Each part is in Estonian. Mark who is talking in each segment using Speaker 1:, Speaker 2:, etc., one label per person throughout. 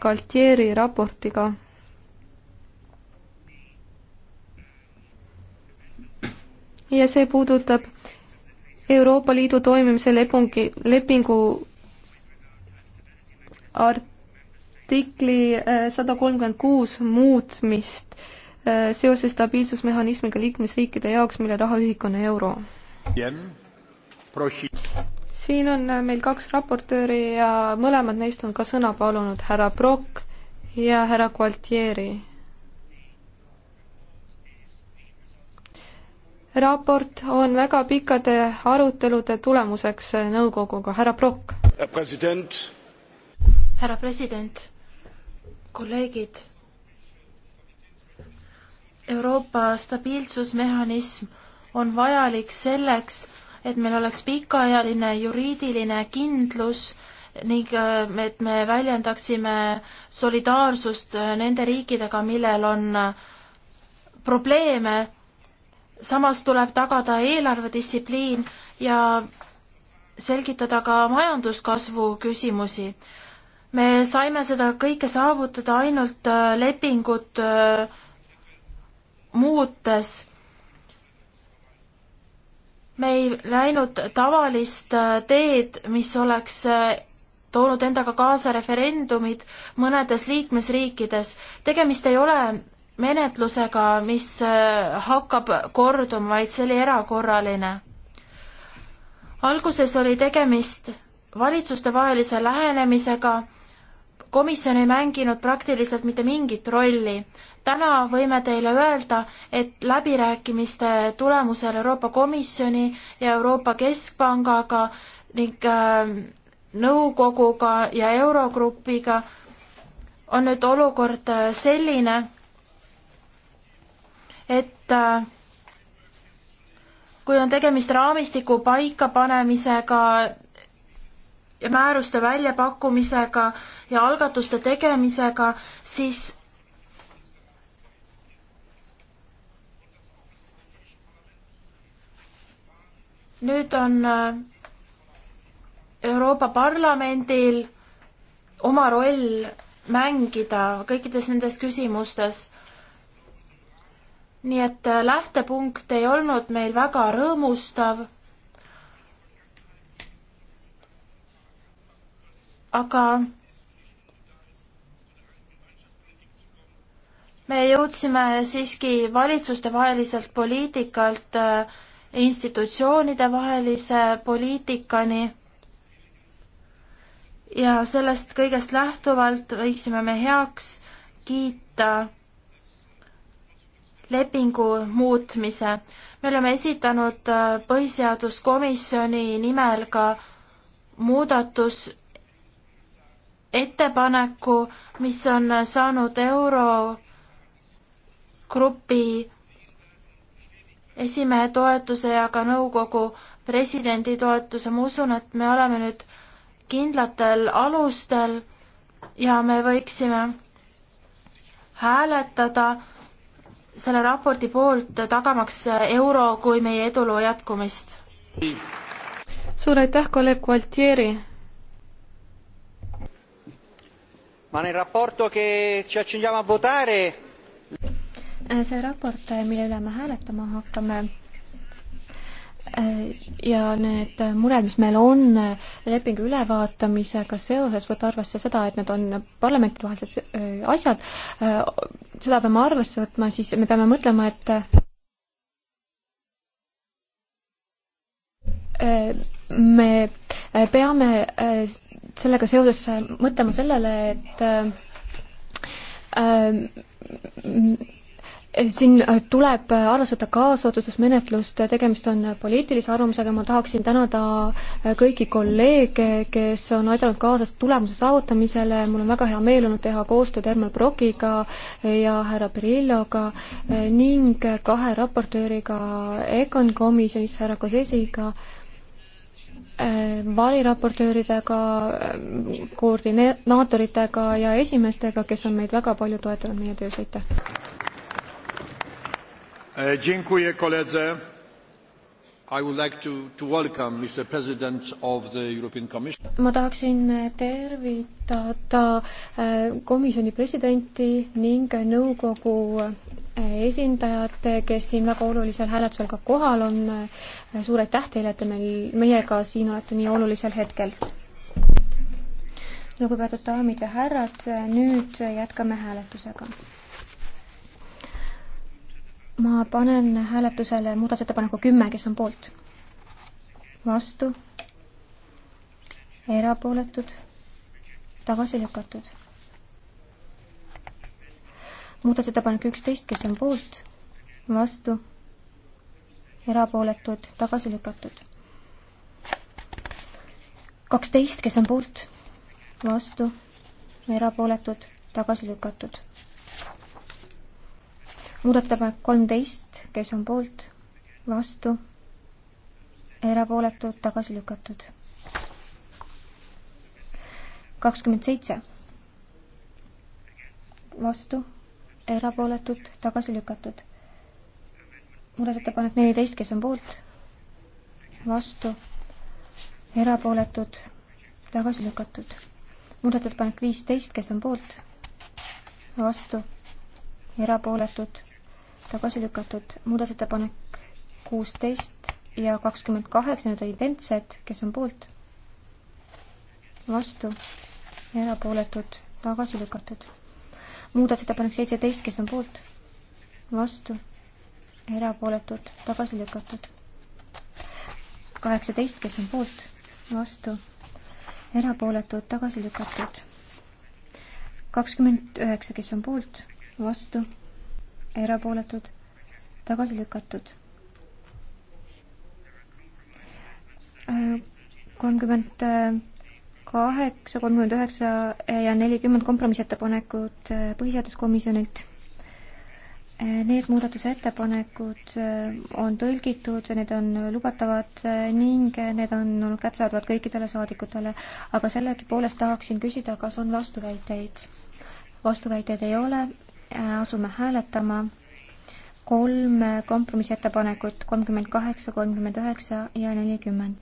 Speaker 1: Galtieri raportiga. ja see puudutab Euroopa Liidu toimimise lepungi, lepingu artikli äh, sada kolmkümmend kuus muutmist äh, seoses stabiilsusmehhanismiga liikmesriikide jaoks, mille rahaühik on euro siin on äh, meil kaks raportööri ja mõlemad neist on ka sõna palunud, härra Brock ja härra Gualtieri. raport on väga pikkade arutelude tulemuseks
Speaker 2: äh, nõukoguga, härra Brock. härra president, kolleegid. Euroopa stabiilsusmehhanism on vajalik selleks, et meil oleks pikaajaline juriidiline kindlus ning äh, et me väljendaksime solidaarsust äh, nende riikidega, millel on äh, probleeme. samas tuleb tagada eelarvedistsipliin ja selgitada ka majanduskasvu küsimusi. me saime seda kõike saavutada ainult lepingut muutes me ei läinud tavalist äh, teed, mis oleks äh, toonud endaga kaasa referendumid mõnedes liikmesriikides. tegemist ei ole menetlusega, mis äh, hakkab korduma, vaid see oli erakorraline. alguses oli tegemist valitsustevahelise lähenemisega, komisjon ei mänginud praktiliselt mitte mingit rolli täna võime teile öelda, et läbirääkimiste tulemusel Euroopa Komisjoni ja Euroopa Keskpangaga ning ähm, nõukoguga ja Eurogrupiga on nüüd olukord äh, selline, et äh, kui on tegemist raamistiku paikapanemisega ja määruste väljapakkumisega ja algatuste tegemisega, siis nüüd on äh, Euroopa Parlamendil oma roll mängida kõikides nendes küsimustes. nii et äh, lähtepunkt ei olnud meil väga rõõmustav. aga me jõudsime siiski valitsustevaheliselt poliitikalt äh, institutsioonide vahelise poliitikani. ja sellest kõigest lähtuvalt võiksime me heaks kiita lepingu muutmise. me oleme esitanud äh, põhiseaduskomisjoni nimel ka muudatus ettepaneku, mis on saanud Eurogrupi esimehe toetuse ja ka nõukogu presidendi toetuse, ma usun, et me oleme nüüd kindlatel alustel ja me võiksime hääletada selle raporti poolt, tagamaks euro kui meie eduloo jätkumist. suur aitäh, kolleeg Gualtieri. ma olen raporto, kes ci accingiamo a votare
Speaker 1: see raport, mille üle me hääletama hakkame, ja need mured, mis meil on lepingu ülevaatamisega seoses, võtta arvesse seda, et need on parlamentivahelised äh, asjad, äh, seda peame arvesse võtma, siis me peame mõtlema, et äh, me peame sellega seoses mõtlema sellele, et siin äh, tuleb äh, arvestada kaasotsustusmenetlust, tegemist on äh, poliitilise arvamusega, ma tahaksin tänada kõiki kolleege, kes on aidanud kaasas tulemuse saavutamisele, mul on väga hea meel olnud teha koostööd Herman Brokiga ja härra Perilloga ning kahe raportööriga EKON komisjonis, härra Kosesiga, variraportööridega, koordinaatoritega ja esimeestega, kes on meid väga palju toetanud meie töös, aitäh! E, dziękuję koledze. I would like to, to welcome Mr. President of the European Commission. ma tahaksin tervitada e, komisjoni presidenti ning nõukogu e, esindajad, kes siin väga olulisel hääletusel ka kohal on. suur aitäh teile, et te meil, meiega siin olete nii olulisel hetkel. lugupeetud daamid ja härrad, nüüd jätkame hääletusega ma panen hääletusele muudatusettepaneku kümme, kes on poolt? vastu? erapooletud? tagasi lükatud? muudatusettepanek üksteist, kes on poolt? vastu? erapooletud? tagasi lükatud? kaksteist, kes on poolt? vastu? erapooletud? tagasi lükatud? muudatusettepanek kolmteist, kes on poolt, vastu, erapooletud, tagasi lükatud. kakskümmend seitse, vastu, erapooletud, tagasi lükatud. muudatusettepanek neliteist, kes on poolt, vastu, erapooletud, tagasi lükatud. muudatusettepanek viisteist, kes on poolt, vastu erapooletud, tagasi lükatud. muudatusettepanek kuusteist ja kakskümmend kaheksa, need identsed, kes on poolt, vastu, erapooletud, tagasi lükatud. muudatusettepanek seitseteist, kes on poolt, vastu, erapooletud, tagasi lükatud. kaheksateist, kes on poolt, vastu, erapooletud, tagasi lükatud. kakskümmend üheksa, kes on poolt, vastu erapooletud, tagasi lükatud. kolmkümmend kaheksa, kolmkümmend üheksa ja nelikümmend kompromissettepanekut äh, põhiseaduskomisjonilt. Äh, need muudatusettepanekud äh, on tõlgitud, need on lubatavad ning need on olnud kättesaadavad kõikidele saadikutele, aga sellegipoolest tahaksin küsida, kas on vastuväiteid? vastuväiteid ei ole, asume hääletama kolm kompromissettepanekut, kolmkümmend kaheksa, kolmkümmend üheksa ja nelikümmend.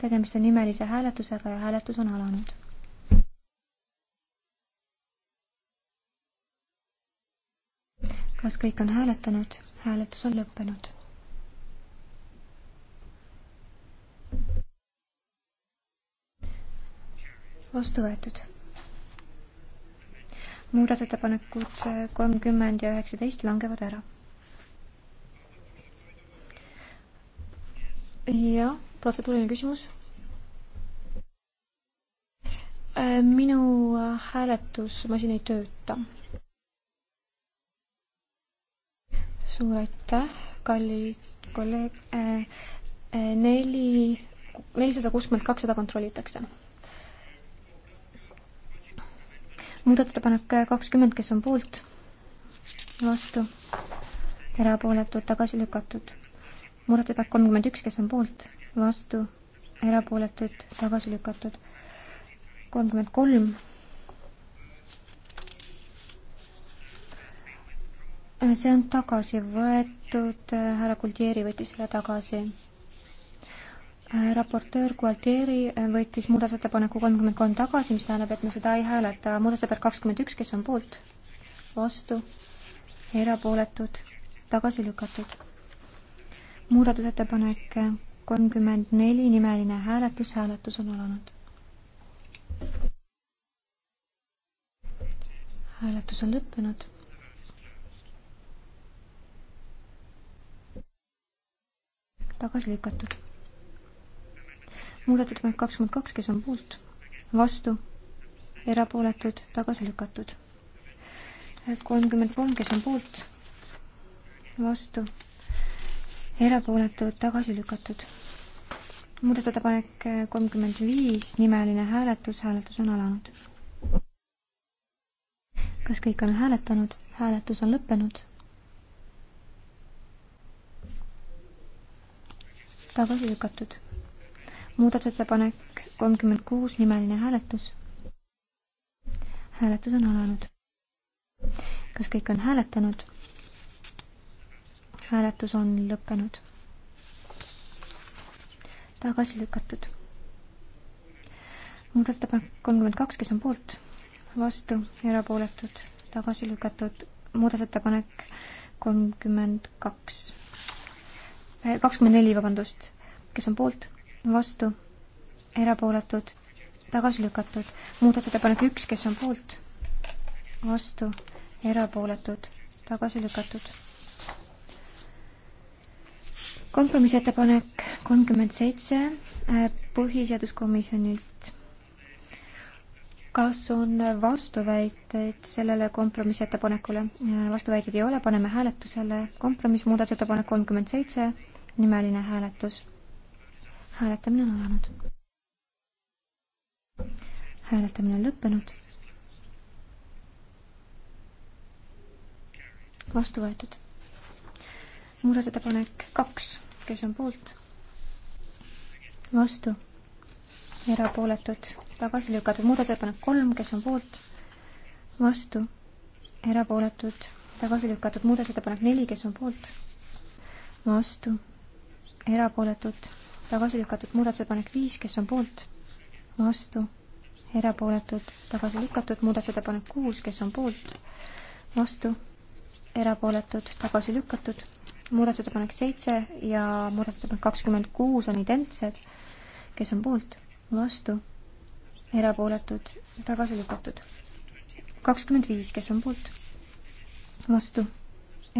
Speaker 1: tegemist on nimelise hääletusega ja hääletus on alanud. kas kõik on hääletanud? hääletus on lõppenud. vastu võetud muudatusettepanekud kolmkümmend ja üheksateist langevad ära. jah, protseduuriline küsimus. Äh, minu hääletusmasin ei tööta. suur aitäh, kalli kolleeg. Äh, äh, neli, nelisada kuuskümmend kakssada kontrollitakse muudatusettepanek kakskümmend, kes on poolt, vastu, erapooletud, tagasi lükatud. muudatusettepanek kolmkümmend üks, kes on poolt, vastu, erapooletud, tagasi lükatud. kolmkümmend kolm. see on tagasi võetud, härra Kuldieri võttis selle tagasi Äh, raportöör Gualtieri äh, võttis muudatusettepaneku kolmkümmend kolm tagasi, mis tähendab, et me seda ei hääleta. muudatusettepanek kakskümmend üks, kes on poolt, vastu, erapooletud, tagasi lükatud. muudatusettepanek kolmkümmend neli, nimeline hääletus, hääletus on alanud. hääletus on lõppenud tagasi lükatud muudatusettepanek kakskümmend kaks, kes on poolt, vastu, erapooletud, tagasi lükatud. kolmkümmend kolm, kes on poolt, vastu, erapooletud, tagasi lükatud. muudatusettepanek kolmkümmend viis, nimeline hääletus, hääletus on alanud. kas kõik on hääletanud? hääletus on lõppenud tagasi lükatud muudatusettepanek kolmkümmend kuus, nimeline hääletus. hääletus on alanud. kas kõik on hääletanud? hääletus on lõppenud. tagasi lükatud. muudatusettepanek kolmkümmend kaks, kes on poolt, vastu, erapooletud, tagasi lükatud. muudatusettepanek kolmkümmend kaks, eh, kakskümmend neli, vabandust, kes on poolt vastu, erapooletud, tagasi lükatud. muudatusettepanek üks, kes on poolt, vastu, erapooletud, tagasi lükatud. kompromissettepanek kolmkümmend seitse äh, põhiseaduskomisjonilt. kas on vastuväiteid sellele kompromissettepanekule? Äh, vastuväiteid ei ole, paneme hääletusele kompromiss, muudatusettepanek kolmkümmend seitse, nimeline hääletus hääletamine on alanud. hääletamine on lõppenud. vastu võetud. muudatusettepanek kaks, kes on poolt? vastu, erapooletud, tagasi lükatud. muudatusettepanek kolm, kes on poolt? vastu, erapooletud, tagasi lükatud. muudatusettepanek neli, kes on poolt? vastu, erapooletud tagasi lükatud muudatusettepanek viis, kes on poolt, vastu, erapooletud, tagasi lükatud muudatusettepanek kuus, kes on poolt, vastu, erapooletud, tagasi lükatud, muudatusettepanek seitse ja muudatusettepanek kakskümmend kuus on identsed, kes on poolt, vastu, erapooletud, tagasi lükatud. kakskümmend viis, kes on poolt, vastu,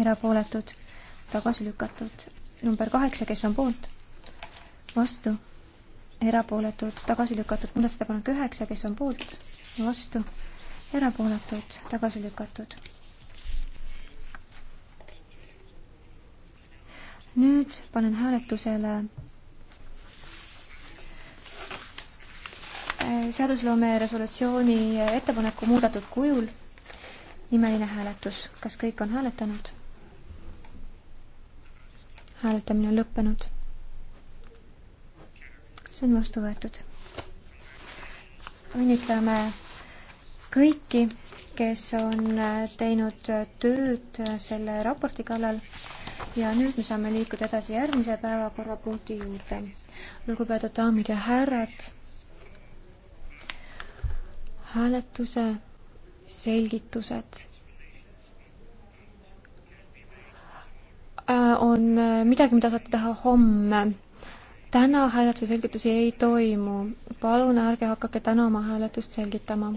Speaker 1: erapooletud, tagasi lükatud. number kaheksa, kes on poolt, vastu, erapooletud, tagasi lükatud, muudatusettepanek üheksa, kes on poolt, vastu, erapooletud, tagasi lükatud. nüüd panen hääletusele äh, seadusloome resolutsiooni ettepaneku muudetud kujul nimeline hääletus. kas kõik on hääletanud? hääletamine on lõppenud see on vastu võetud. õnnitleme kõiki, kes on teinud tööd selle raporti kallal ja nüüd me saame liikuda edasi järgmise päevakorrapunkti juurde. lugupeetud daamid ja härrad, hääletuse selgitused äh, on midagi, mida saate teha homme täna hääletuse selgitusi ei toimu. palun ärge hakake täna oma hääletust selgitama